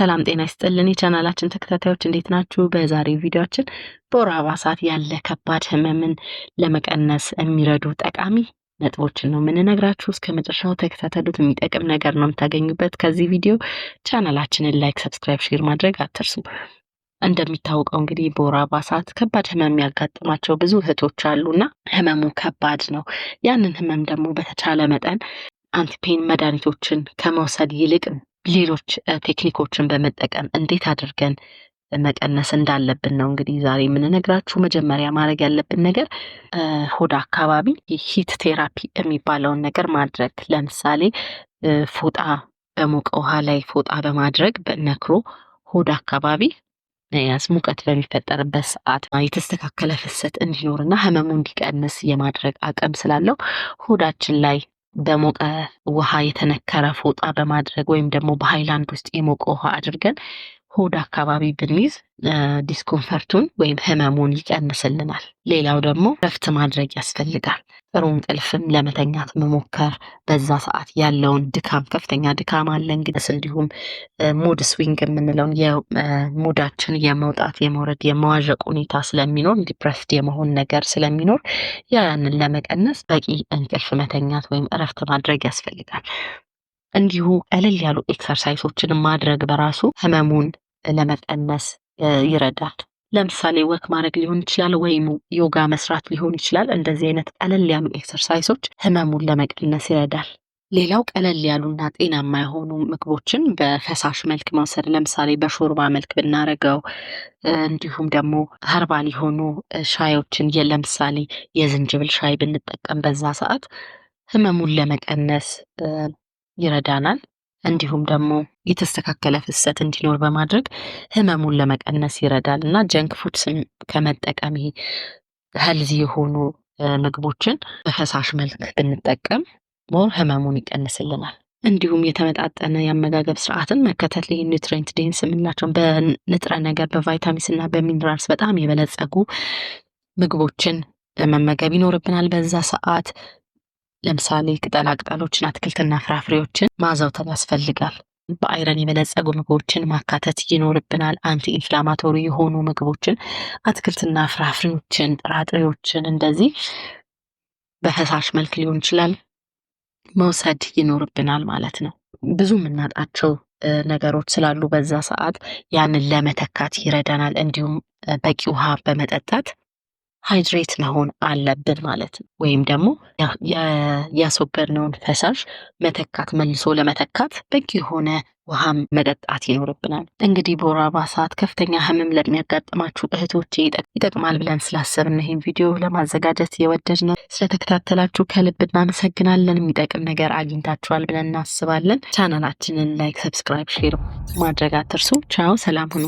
ሰላም ጤና ይስጥልን የቻናላችን ተከታታዮች እንዴት ናችሁ? በዛሬው ቪዲዮችን በወር አበባ ሰዓት ያለ ከባድ ህመምን ለመቀነስ የሚረዱ ጠቃሚ ነጥቦችን ነው የምንነግራችሁ። እስከ መጨረሻው ተከታተሉት፣ የሚጠቅም ነገር ነው የምታገኙበት ከዚህ ቪዲዮ። ቻናላችንን ላይክ፣ ሰብስክራይብ፣ ሼር ማድረግ አትርሱ። እንደሚታወቀው እንግዲህ በወር አበባ ሰዓት ከባድ ህመም ያጋጥማቸው ብዙ እህቶች አሉና ህመሙ ከባድ ነው። ያንን ህመም ደግሞ በተቻለ መጠን አንቲፔን መድኃኒቶችን ከመውሰድ ይልቅ ሌሎች ቴክኒኮችን በመጠቀም እንዴት አድርገን መቀነስ እንዳለብን ነው እንግዲህ ዛሬ የምንነግራችሁ። መጀመሪያ ማድረግ ያለብን ነገር ሆድ አካባቢ ሂት ቴራፒ የሚባለውን ነገር ማድረግ ለምሳሌ ፎጣ በሞቀ ውሃ ላይ ፎጣ በማድረግ በነክሮ ሆድ አካባቢ ያዝ ሙቀት በሚፈጠርበት ሰዓት የተስተካከለ ፍሰት እንዲኖርና ህመሙ እንዲቀንስ የማድረግ አቅም ስላለው ሆዳችን ላይ በሞቀ ውሃ የተነከረ ፎጣ በማድረግ ወይም ደግሞ በሃይላንድ ውስጥ የሞቀ ውሃ አድርገን ሆድ አካባቢ ብንይዝ ዲስኮንፈርቱን ወይም ህመሙን ይቀንስልናል። ሌላው ደግሞ ረፍት ማድረግ ያስፈልጋል። ጥሩ እንቅልፍም ለመተኛት መሞከር በዛ ሰዓት ያለውን ድካም፣ ከፍተኛ ድካም አለ እንግዲህ እንዲሁም ሙድ ስዊንግ የምንለውን ሙዳችን የመውጣት የመውረድ የመዋዠቅ ሁኔታ ስለሚኖር ዲፕረስድ የመሆን ነገር ስለሚኖር ያንን ለመቀነስ በቂ እንቅልፍ መተኛት ወይም እረፍት ማድረግ ያስፈልጋል። እንዲሁ ቀለል ያሉ ኤክሰርሳይሶችን ማድረግ በራሱ ህመሙን ለመቀነስ ይረዳል። ለምሳሌ ወክ ማድረግ ሊሆን ይችላል፣ ወይም ዮጋ መስራት ሊሆን ይችላል። እንደዚህ አይነት ቀለል ያሉ ኤክሰርሳይሶች ህመሙን ለመቀነስ ይረዳል። ሌላው ቀለል ያሉና ጤናማ የሆኑ ምግቦችን በፈሳሽ መልክ መውሰድ፣ ለምሳሌ በሾርባ መልክ ብናደርገው እንዲሁም ደግሞ ሀርባል የሆኑ ሻዮችን ለምሳሌ የዝንጅብል ሻይ ብንጠቀም በዛ ሰዓት ህመሙን ለመቀነስ ይረዳናል። እንዲሁም ደግሞ የተስተካከለ ፍሰት እንዲኖር በማድረግ ህመሙን ለመቀነስ ይረዳል እና ጀንክ ፉድስን ከመጠቀም ሄልዚ የሆኑ ምግቦችን በፈሳሽ መልክ ብንጠቀም ሞር ህመሙን ይቀንስልናል። እንዲሁም የተመጣጠነ የአመጋገብ ስርዓትን መከተል ይህ ዴንስ የምንላቸውን በንጥረ ነገር በቫይታሚንስ እና በሚኒራልስ በጣም የበለጸጉ ምግቦችን መመገብ ይኖርብናል። በዛ ሰዓት ለምሳሌ ቅጠላ ቅጠሎችን፣ አትክልትና ፍራፍሬዎችን ማዘውተር ያስፈልጋል። በአይረን የበለጸጉ ምግቦችን ማካተት ይኖርብናል። አንቲ ኢንፍላማቶሪ የሆኑ ምግቦችን፣ አትክልትና ፍራፍሬዎችን፣ ጥራጥሬዎችን እንደዚህ በፈሳሽ መልክ ሊሆን ይችላል መውሰድ ይኖርብናል ማለት ነው። ብዙ የምናጣቸው ነገሮች ስላሉ በዛ ሰዓት ያንን ለመተካት ይረዳናል። እንዲሁም በቂ ውሃ በመጠጣት ሃይድሬት መሆን አለብን ማለት ነው። ወይም ደግሞ ያስወገድነውን ፈሳሽ መተካት መልሶ ለመተካት በቂ የሆነ ውሃም መጠጣት ይኖርብናል። እንግዲህ በወር አበባ ሰዓት ከፍተኛ ህመም ለሚያጋጥማችሁ እህቶች ይጠቅማል ብለን ስላሰብን ይህን ቪዲዮ ለማዘጋጀት የወደድነው። ስለተከታተላችሁ ከልብ እናመሰግናለን። የሚጠቅም ነገር አግኝታችኋል ብለን እናስባለን። ቻናላችንን ላይክ፣ ሰብስክራይብ፣ ሼር ማድረግ አትርሱ። ቻው፣ ሰላም ሁኑ።